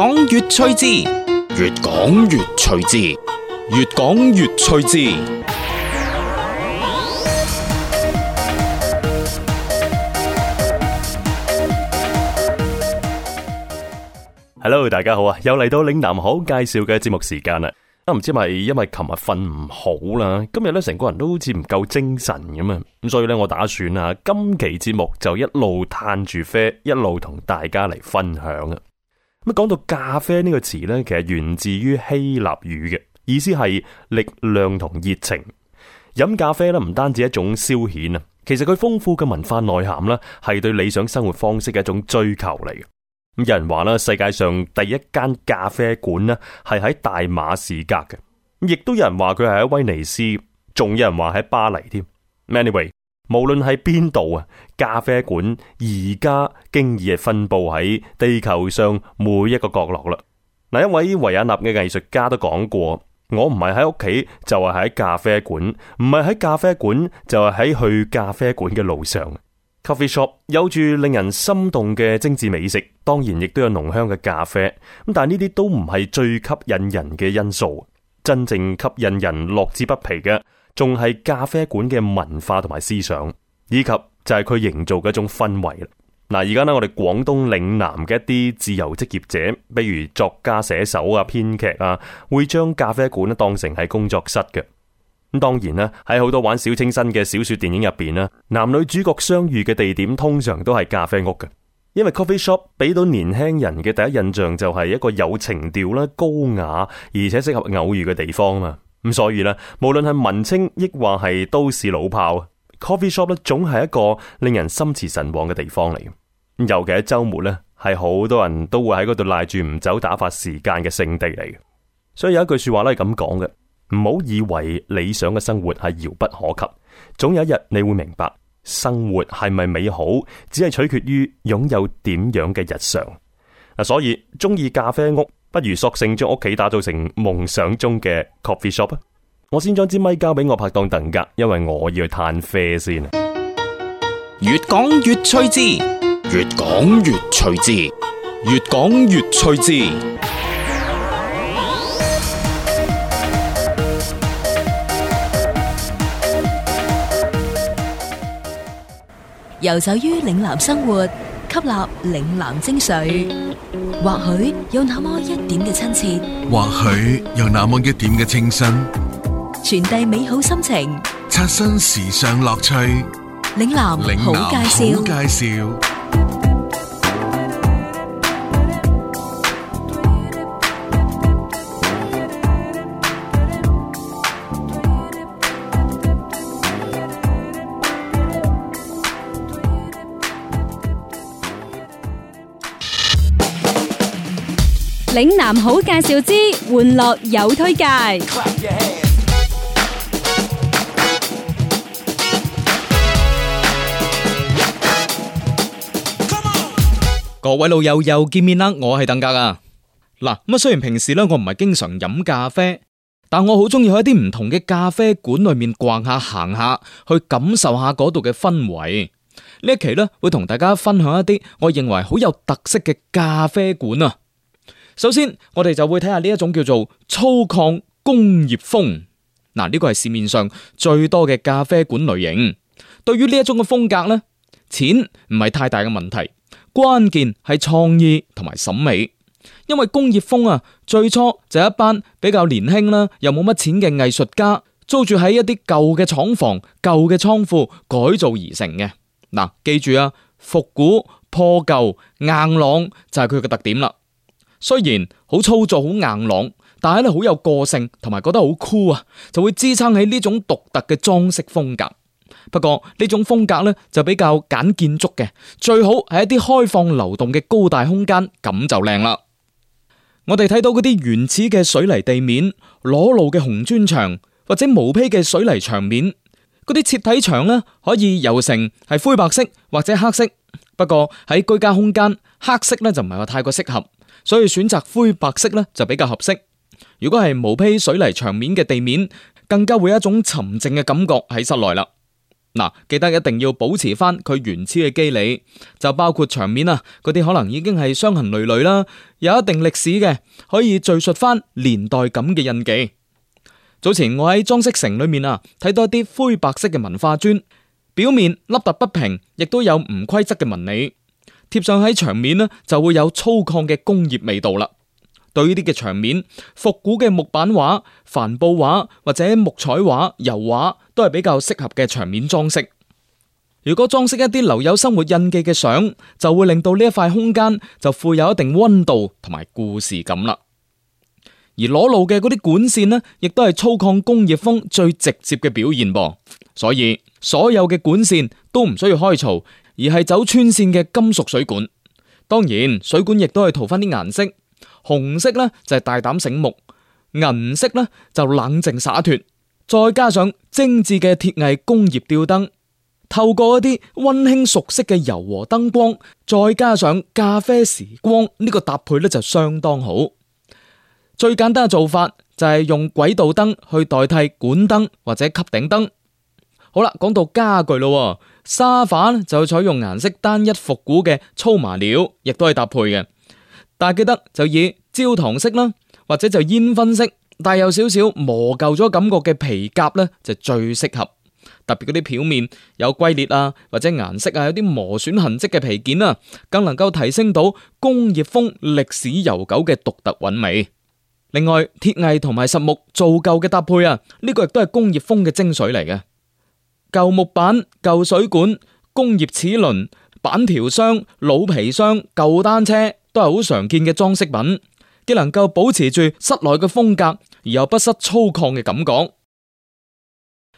越講越趣致，越講越趣致，越講越趣致。Hello，大家好啊！又嚟到嶺南好介紹嘅節目時間啦。啊，唔知係因為琴日瞓唔好啦，今日咧成個人都好似唔夠精神咁啊。咁所以咧，我打算啊，今期節目就一路嘆住啡，一路同大家嚟分享啊。咁講到咖啡呢個詞呢，其實源自於希臘語嘅意思係力量同熱情。飲咖啡呢，唔單止一種消遣啊，其實佢豐富嘅文化內涵呢，係對理想生活方式嘅一種追求嚟嘅。咁有人話呢，世界上第一間咖啡館呢，係喺大馬士革嘅，亦都有人話佢係喺威尼斯，仲有人話喺巴黎添。Anyway。無論喺邊度啊，咖啡館而家經已係分布喺地球上每一個角落啦。嗱，一位維也納嘅藝術家都講過：我唔係喺屋企，就係喺咖啡館；唔係喺咖啡館，就係喺去咖啡館嘅路上。Coffee shop 有住令人心動嘅精致美食，當然亦都有濃香嘅咖啡。咁但係呢啲都唔係最吸引人嘅因素，真正吸引人、樂之不疲嘅。仲係咖啡館嘅文化同埋思想，以及就係佢營造嘅一種氛圍。嗱，而家呢，我哋廣東嶺南嘅一啲自由職業者，比如作家、寫手啊、編劇啊，會將咖啡館當成係工作室嘅。咁當然啦，喺好多玩小清新嘅小說電影入邊啦，男女主角相遇嘅地點通常都係咖啡屋嘅，因為 coffee shop 俾到年輕人嘅第一印象就係一個有情調啦、高雅而且適合偶遇嘅地方嘛。咁所以咧，無論係文青亦或係都市老炮，coffee shop 咧，總係一個令人心馳神往嘅地方嚟。尤其喺周末咧，係好多人都會喺嗰度賴住唔走，打發時間嘅聖地嚟。所以有一句說話咧，係咁講嘅：唔好以為理想嘅生活係遙不可及，總有一日你會明白，生活係咪美好，只係取決於擁有點樣嘅日常。所以中意咖啡屋。不如索性將屋企打造成夢想中嘅 coffee shop 啊！我先將支咪交俾我拍檔鄧格，因為我要去嘆啡先。越講越趣致，越講越趣致，越講越趣致。遊走於嶺南生活。吸納嶺南精髓，或許有那麼一點嘅親切，或許有那麼一點嘅清新，傳遞美好心情，刷新時尚樂趣。嶺南好介紹。嶺南好介紹之，玩樂有推介。各位老友又見面啦，我係鄧家啊。嗱，咁啊，雖然平時咧我唔係經常飲咖啡，但我好中意喺啲唔同嘅咖啡館裏面逛下、行下去感受下嗰度嘅氛圍。呢一期咧會同大家分享一啲我認為好有特色嘅咖啡館啊。首先，我哋就會睇下呢一種叫做粗獷工業風嗱，呢個係市面上最多嘅咖啡館類型。對於呢一種嘅風格咧，錢唔係太大嘅問題，關鍵係創意同埋審美。因為工業風啊，最初就係一班比較年輕啦，又冇乜錢嘅藝術家租住喺一啲舊嘅廠房、舊嘅倉庫改造而成嘅嗱。記住啊，復古、破舊、硬朗就係佢嘅特點啦。雖然好粗糙、好硬朗，但係咧好有個性，同埋覺得好酷啊，就會支撐起呢種獨特嘅裝飾風格。不過呢種風格呢，就比較揀建築嘅，最好係一啲開放流動嘅高大空間，咁就靚啦。我哋睇到嗰啲原始嘅水泥地面、裸露嘅紅磚牆或者毛坯嘅水泥牆面，嗰啲砌體牆呢，可以油成係灰白色或者黑色。不過喺居家空間黑色呢就唔係話太過適合。所以選擇灰白色呢，就比較合適。如果係毛坯水泥牆面嘅地面，更加會有一種沉靜嘅感覺喺室內啦。嗱，啊，記得一定要保持翻佢原始嘅肌理，就包括牆面啊，嗰啲可能已經係傷痕累累啦，有一定歷史嘅，可以敘述翻年代感嘅印記。早前我喺裝飾城裏面啊睇到一啲灰白色嘅文化磚，表面凹凸不平，亦都有唔規則嘅紋理。貼上喺牆面呢，就會有粗獷嘅工業味道啦。對呢啲嘅牆面，復古嘅木板畫、帆布畫或者木彩畫、油畫都係比較適合嘅牆面裝飾。如果裝飾一啲留有生活印記嘅相，就會令到呢一塊空間就富有一定溫度同埋故事感啦。而裸露嘅嗰啲管線呢，亦都係粗獷工業風最直接嘅表現噃。所以所有嘅管線都唔需要開槽。而係走穿線嘅金屬水管，當然水管亦都係塗翻啲顏色，紅色呢就係大膽醒目，銀色呢就冷靜灑脫，再加上精緻嘅鐵藝工業吊燈，透過一啲溫馨熟悉嘅柔和燈光，再加上咖啡時光呢個搭配呢就相當好。最簡單嘅做法就係用軌道燈去代替管燈或者吸頂燈。好啦，講到家具咯。沙發就採用顏色單一復古嘅粗麻料，亦都係搭配嘅。但係記得就以焦糖色啦，或者就煙熏色，帶有少少磨舊咗感覺嘅皮夾呢，就最適合。特別嗰啲表面有龜裂啊，或者顏色啊有啲磨損痕迹嘅皮件啊，更能夠提升到工業風歷史悠久嘅獨特韻味。另外，鐵藝同埋實木做舊嘅搭配啊，呢個亦都係工業風嘅精髓嚟嘅。舊木板、舊水管、工業齒輪、板條箱、老皮箱、舊單車，都係好常見嘅裝飾品，既能夠保持住室內嘅風格，而又不失粗獷嘅感覺。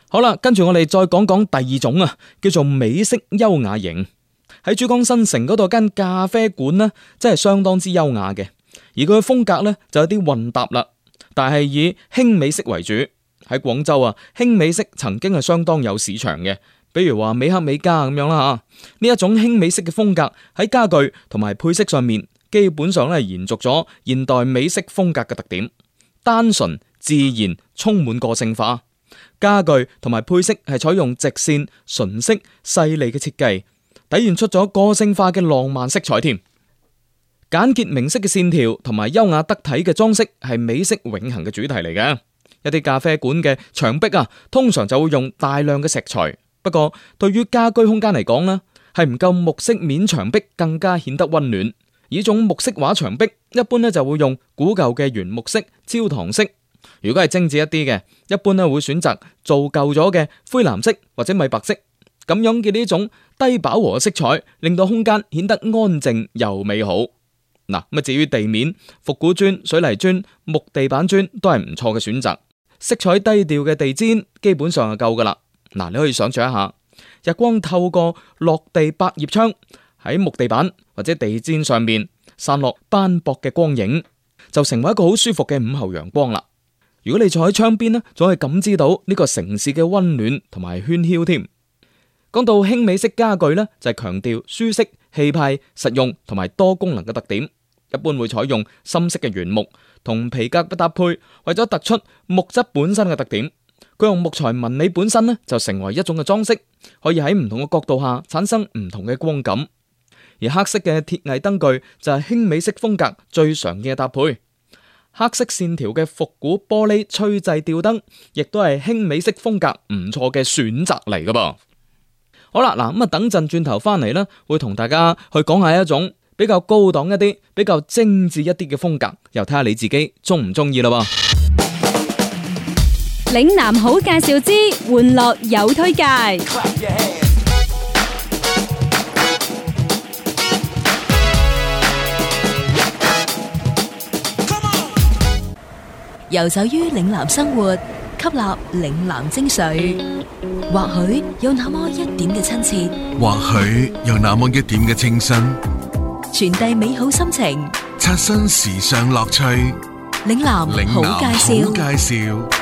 好啦，跟住我哋再講講第二種啊，叫做美式優雅型。喺珠江新城嗰度間咖啡館呢，真係相當之優雅嘅，而佢嘅風格呢，就有啲混搭啦，但係以輕美式為主。喺廣州啊，輕美式曾經係相當有市場嘅，比如話美克美家咁樣啦吓。呢一種輕美式嘅風格喺家具同埋配飾上面，基本上咧延續咗現代美式風格嘅特點，單純、自然、充滿個性化。家具同埋配飾係採用直線、純色、細膩嘅設計，體現出咗個性化嘅浪漫色彩。添簡潔明晰嘅線條同埋優雅得體嘅裝飾，係美式永恆嘅主題嚟嘅。一啲咖啡館嘅牆壁啊，通常就會用大量嘅石材。不過，對於家居空間嚟講呢，係唔夠木色面牆壁更加顯得溫暖。呢種木色畫牆壁，一般咧就會用古舊嘅原木色、焦糖色。如果係精致一啲嘅，一般咧會選擇做舊咗嘅灰藍色或者米白色。咁樣嘅呢種低飽和色彩，令到空間顯得安靜又美好。嗱，咁至於地面，復古磚、水泥磚、木地板磚都係唔錯嘅選擇。色彩低調嘅地氈基本上就夠噶啦。嗱，你可以想象一下，日光透過落地百葉窗喺木地板或者地氈上面散落斑駁嘅光影，就成為一個好舒服嘅午後陽光啦。如果你坐喺窗邊呢，總可以感知到呢個城市嘅温暖同埋喧囂添。講到輕美式家具呢，就係強調舒適、氣派、實用同埋多功能嘅特點，一般會採用深色嘅原木。同皮革嘅搭配，為咗突出木質本身嘅特點，佢用木材紋理本身呢就成為一種嘅裝飾，可以喺唔同嘅角度下產生唔同嘅光感。而黑色嘅鐵藝燈具就係輕美式風格最常見嘅搭配，黑色線條嘅復古玻璃吹製吊燈亦都係輕美式風格唔錯嘅選擇嚟噶噃。好啦，嗱咁啊，等陣轉頭翻嚟啦，會同大家去講下一種。比較高檔一啲，比較精緻一啲嘅風格，又睇下你自己中唔中意啦。㖏嶺南好介紹之，玩樂有推介。游走於嶺南生活，吸納嶺南精髓，或許有那麼一點嘅親切，或許有那麼一點嘅清新。傳遞美好心情，刷新時尚樂趣。嶺南好介紹。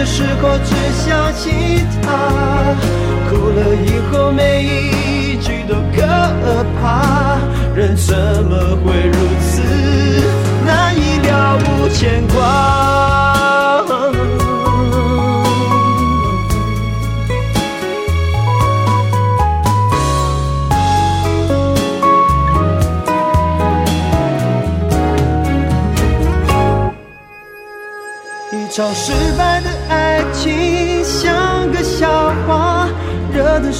的時候只想起他，哭了以後每一句都可怕，人怎麼會如此難以了無牽掛？一場失敗。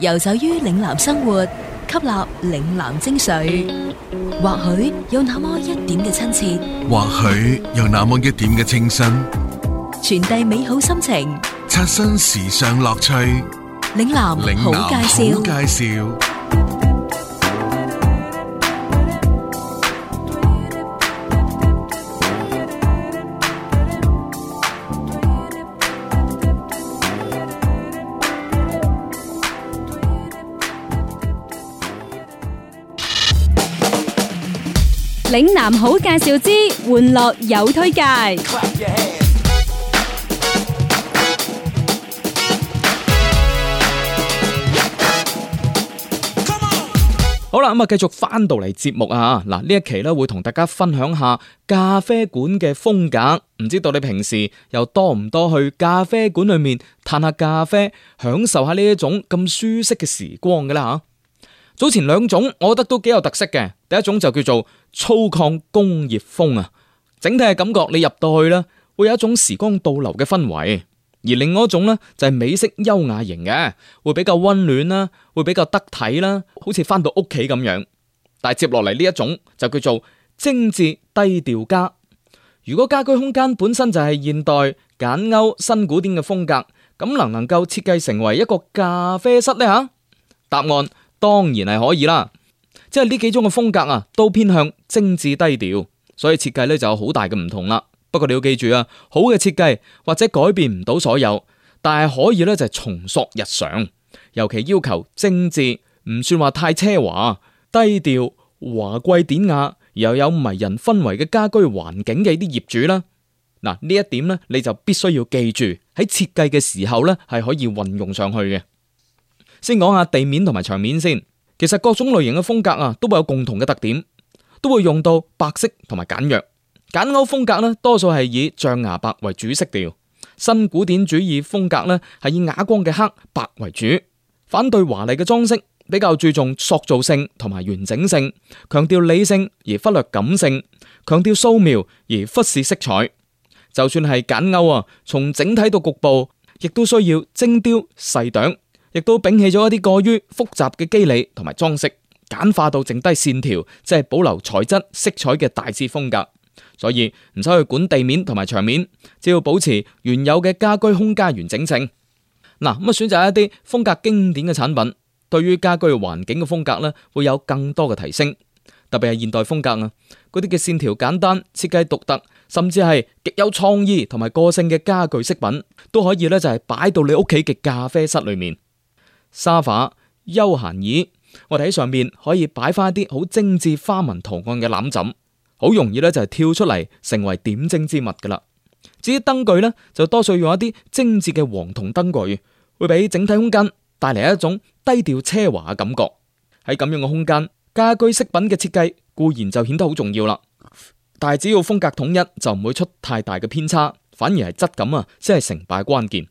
遊走於嶺南生活，吸納嶺南精髓，或許有那麼一點嘅親切，或許有那麼一點嘅清新，傳遞美好心情，刷新時尚樂趣。嶺南好介紹。嶺南好介紹之，玩樂有推介。 好啦，咁啊，繼續翻到嚟節目啊。嗱，呢一期咧會同大家分享下咖啡館嘅風格。唔知道你平時又多唔多去咖啡館裏面嘆下咖啡，享受下呢一種咁舒適嘅時光噶啦吓。早前兩種，我覺得都幾有特色嘅。第一種就叫做粗獷工業風啊，整體嘅感覺你入到去啦，會有一種時光倒流嘅氛圍；而另外一種呢就係美式優雅型嘅，會比較溫暖啦，會比較得體啦，好似翻到屋企咁樣。但係接落嚟呢一種就叫做精緻低調家。如果家居空間本身就係現代簡歐新古典嘅風格，咁能唔能夠設計成為一個咖啡室呢？嚇，答案。當然係可以啦，即係呢幾種嘅風格啊，都偏向精緻低調，所以設計咧就有好大嘅唔同啦。不過你要記住啊，好嘅設計或者改變唔到所有，但係可以咧就係重塑日常，尤其要求精緻，唔算話太奢華、低調、華貴典雅，又有迷人氛圍嘅家居環境嘅啲業主啦。嗱，呢一點咧，你就必須要記住，喺設計嘅時候咧，係可以運用上去嘅。先講下地面同埋牆面先。其實各種類型嘅風格啊，都會有共同嘅特點，都會用到白色同埋簡約。簡歐風格呢，多數係以象牙白為主色調，新古典主義風格呢係以啞光嘅黑白為主，反對華麗嘅裝飾，比較注重塑造性同埋完整性，強調理性而忽略感性，強調素描而忽視色彩。就算係簡歐啊，從整體到局部，亦都需要精雕細琢。亦都摒棄咗一啲過於複雜嘅肌理同埋裝飾，簡化到剩低線條，即係保留材質、色彩嘅大致風格。所以唔使去管地面同埋牆面，只要保持原有嘅家居空間完整性。嗱，咁啊，選擇一啲風格經典嘅產品，對於家居環境嘅風格呢，會有更多嘅提升。特別係現代風格啊，嗰啲嘅線條簡單、設計獨特，甚至係極有創意同埋個性嘅家具飾品，都可以呢就係擺到你屋企嘅咖啡室裏面。沙發、休閒椅，我睇上面可以擺翻一啲好精致花紋圖案嘅攬枕，好容易咧就係跳出嚟成為點睛之物噶啦。至於燈具呢，就多數用一啲精致嘅黃銅燈具，會俾整體空間帶嚟一種低調奢華嘅感覺。喺咁樣嘅空間，家居飾品嘅設計固然就顯得好重要啦，但係只要風格統一，就唔會出太大嘅偏差，反而係質感啊先係成敗關鍵。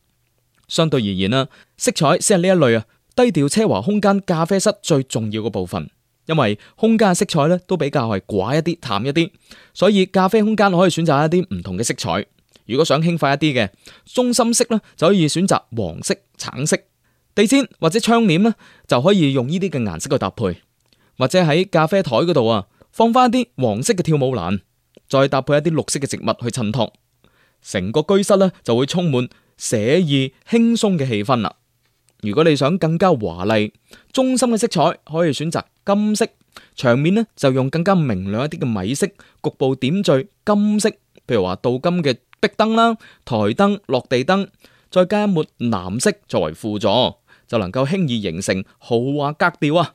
相對而言啦，色彩先係呢一類啊，低調奢華空間咖啡室最重要嘅部分，因為空間嘅色彩咧都比較係寡一啲，淡一啲，所以咖啡空間可以選擇一啲唔同嘅色彩。如果想輕快一啲嘅，中心色咧就可以選擇黃色、橙色，地氈或者窗簾咧就可以用呢啲嘅顏色去搭配，或者喺咖啡台嗰度啊放翻一啲黃色嘅跳舞蘭，再搭配一啲綠色嘅植物去襯托，成個居室咧就會充滿。寫意輕鬆嘅氣氛啦。如果你想更加華麗、中心嘅色彩，可以選擇金色，牆面呢就用更加明亮一啲嘅米色，局部點綴金色，譬如話鍍金嘅壁燈啦、檯燈、落地燈，再加一抹藍色作為輔助，就能夠輕易形成豪華格調啊。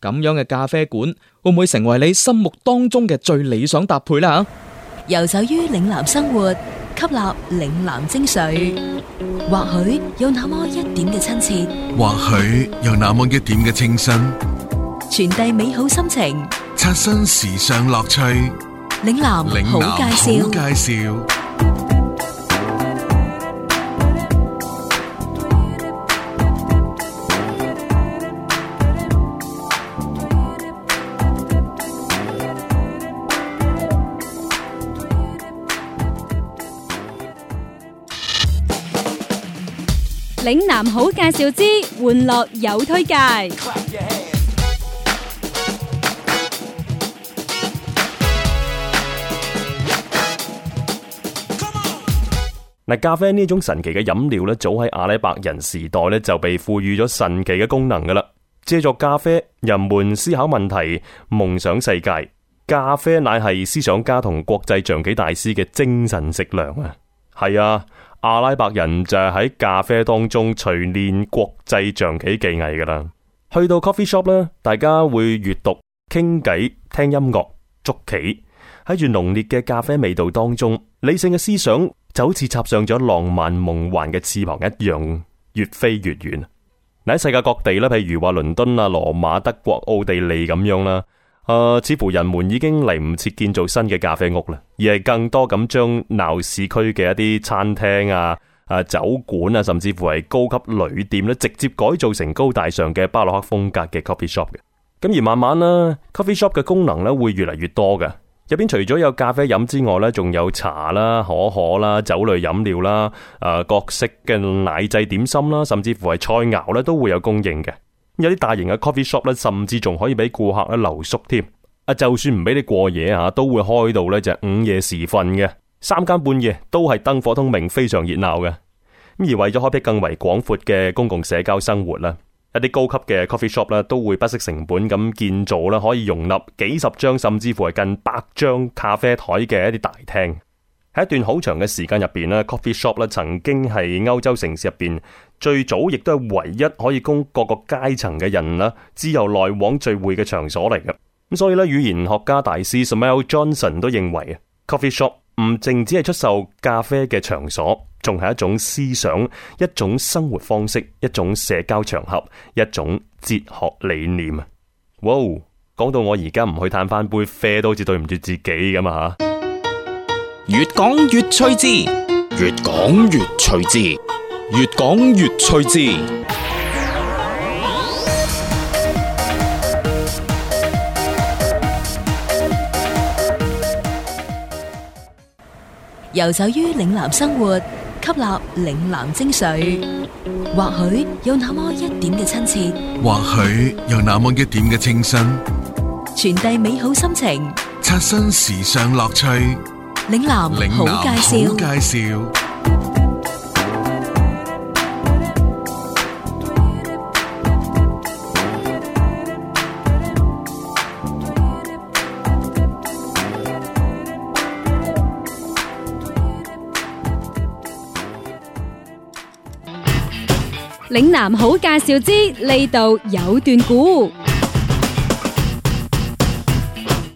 咁樣嘅咖啡館會唔會成為你心目當中嘅最理想搭配呢？遊走於嶺南生活。吸納嶺南精髓，或許有那麼一點嘅親切，或許有那麼一點嘅清新，傳遞美好心情，刷新時尚樂趣。嶺南好介紹，好介紹。嶺南好介紹之，玩樂有推介。嗱，咖啡呢種神奇嘅飲料咧，早喺阿拉伯人時代咧就被賦予咗神奇嘅功能噶啦。借助咖啡，人們思考問題、夢想世界。咖啡乃係思想家同國際象棋大師嘅精神食糧啊！係啊。阿拉伯人就係喺咖啡當中錘煉國際象棋技藝噶啦，去到 coffee shop 咧，大家會閱讀、傾偈、聽音樂、捉棋，喺住濃烈嘅咖啡味道當中，理性嘅思想就好似插上咗浪漫夢幻嘅翅膀一樣，越飛越遠。喺世界各地咧，譬如話倫敦啊、羅馬、德國、奧地利咁樣啦。誒，似乎人們已經嚟唔切建造新嘅咖啡屋啦，而係更多咁將鬧市區嘅一啲餐廳啊、啊酒館啊，甚至乎係高級旅店咧，直接改造成高大上嘅巴洛克風格嘅 coffee shop 嘅。咁而慢慢啦，coffee shop 嘅功能咧，會越嚟越多㗎。入邊除咗有咖啡飲之外咧，仲有茶啦、可可啦、酒類飲料啦、誒各式嘅奶製點心啦，甚至乎係菜肴咧都會有供應嘅。有啲大型嘅 coffee shop 咧，甚至仲可以俾顧客咧留宿添。啊，就算唔俾你過夜吓，都會開到咧就午夜時分嘅三更半夜都係燈火通明，非常熱鬧嘅。咁而為咗開闢更為廣闊嘅公共社交生活啦，一啲高級嘅 coffee shop 咧都會不惜成本咁建造啦，可以容納幾十張甚至乎係近百張咖啡台嘅一啲大廳。喺一段好長嘅時間入邊咧，coffee shop 咧曾經係歐洲城市入邊。最早亦都係唯一可以供各個階層嘅人啦，自由來往聚會嘅場所嚟嘅。咁所以咧，語言學家大師 Samuel Johnson 都認為啊，coffee shop 唔淨只係出售咖啡嘅場所，仲係一種思想、一種生活方式、一種社交場合、一種哲學理念啊。哇，講到我而家唔去嘆翻杯啡都好似對唔住自己咁啊吓！越講越趣致，越講越趣致。越講越趣致，游走於嶺南生活，吸納嶺南精髓。或許有那麼一點嘅親切，或許有那麼一點嘅清新，傳遞美好心情，刷新時尚樂趣。嶺南好介紹。嶺南好介紹之呢度有段古，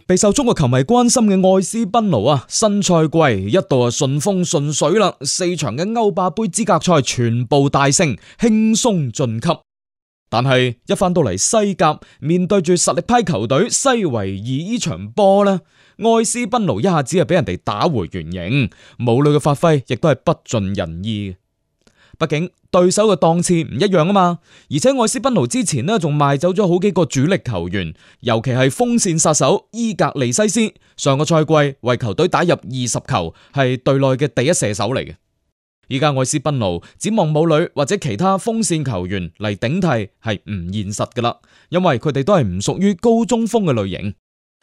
備受中國球迷關心嘅愛斯賓奴啊，新賽季一度順風順水啦，四場嘅歐霸杯資格賽全部大勝，輕鬆晉級。但係一翻到嚟西甲，面對住實力派球隊西維爾呢場波呢，愛斯賓奴一下子係俾人哋打回原形，武磊嘅發揮亦都係不盡人意。畢竟對手嘅檔次唔一樣啊嘛，而且愛斯賓奴之前呢，仲賣走咗好幾個主力球員，尤其係鋒線殺手伊格利西斯，上個賽季為球隊打入二十球，係隊內嘅第一射手嚟嘅。依家愛斯賓奴指望武磊或者其他鋒線球員嚟頂替係唔現實噶啦，因為佢哋都係唔屬於高中鋒嘅類型。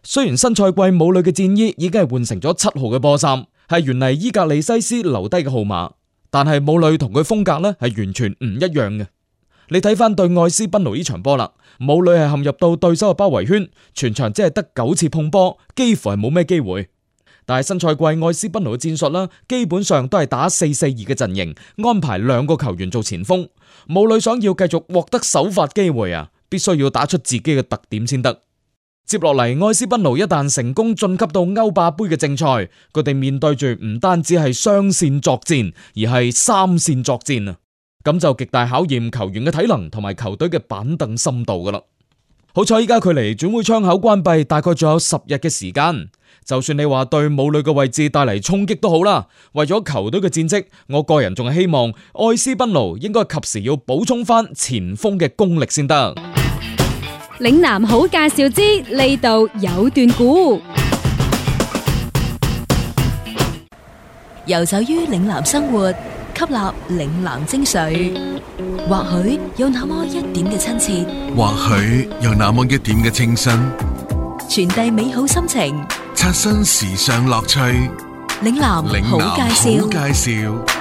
雖然新賽季武磊嘅戰衣已經係換成咗七號嘅波衫，係原嚟伊格利西斯留低嘅號碼。但係武磊同佢風格呢係完全唔一樣嘅。你睇翻對愛斯賓奴呢場波啦，武磊係陷入到對手嘅包圍圈，全場只係得九次碰波，幾乎係冇咩機會。但係新賽季愛斯賓奴嘅戰術啦，基本上都係打四四二嘅陣型，陣營安排兩個球員做前鋒。武磊想要繼續獲得首發機會啊，必須要打出自己嘅特點先得。接落嚟，愛斯賓奴一旦成功晉級到歐霸杯嘅正賽，佢哋面對住唔單止係雙線作戰，而係三線作戰啊！咁就極大考驗球員嘅體能同埋球隊嘅板凳深度噶啦。好彩依家距離轉會窗口關閉，大概仲有十日嘅時間。就算你話對武磊嘅位置帶嚟衝擊都好啦，為咗球隊嘅戰績，我個人仲係希望愛斯賓奴應該及時要補充翻前鋒嘅功力先得。嶺南好介紹之，呢度有段古。遊走於嶺南生活，吸納嶺南精髓，或許有那麼一點嘅親切，或許有那麼一點嘅清新，傳遞美好心情，刷新時尚樂趣。嶺南好介紹。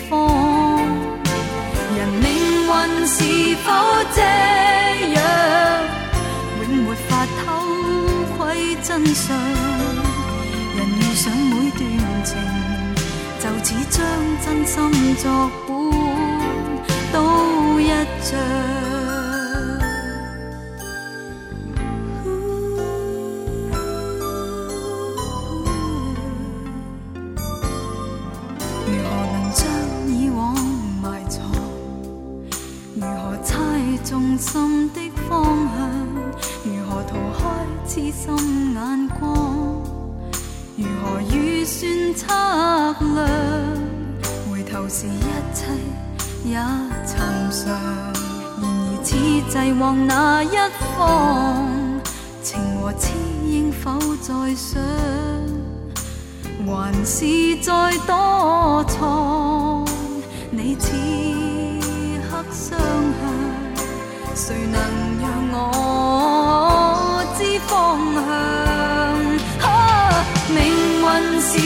是否這樣，永沒法偷窺真相？人遇上每段情，就似將真心作本，都一仗。心眼光，如何預算測量？回頭時一切也尋常。然而此際往那一方？情和痴應否再想，還是再多藏？你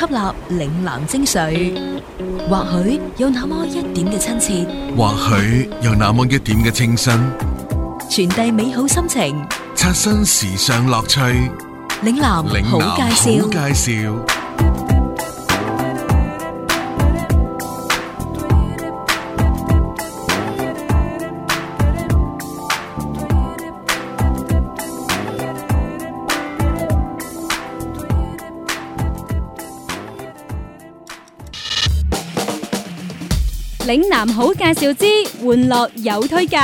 吸納嶺南精髓，或許有那麼一點嘅親切，或許有那麼一點嘅清新，傳遞美好心情，刷新時尚樂趣。嶺南好介紹。嶺南好介紹之，玩樂有推介。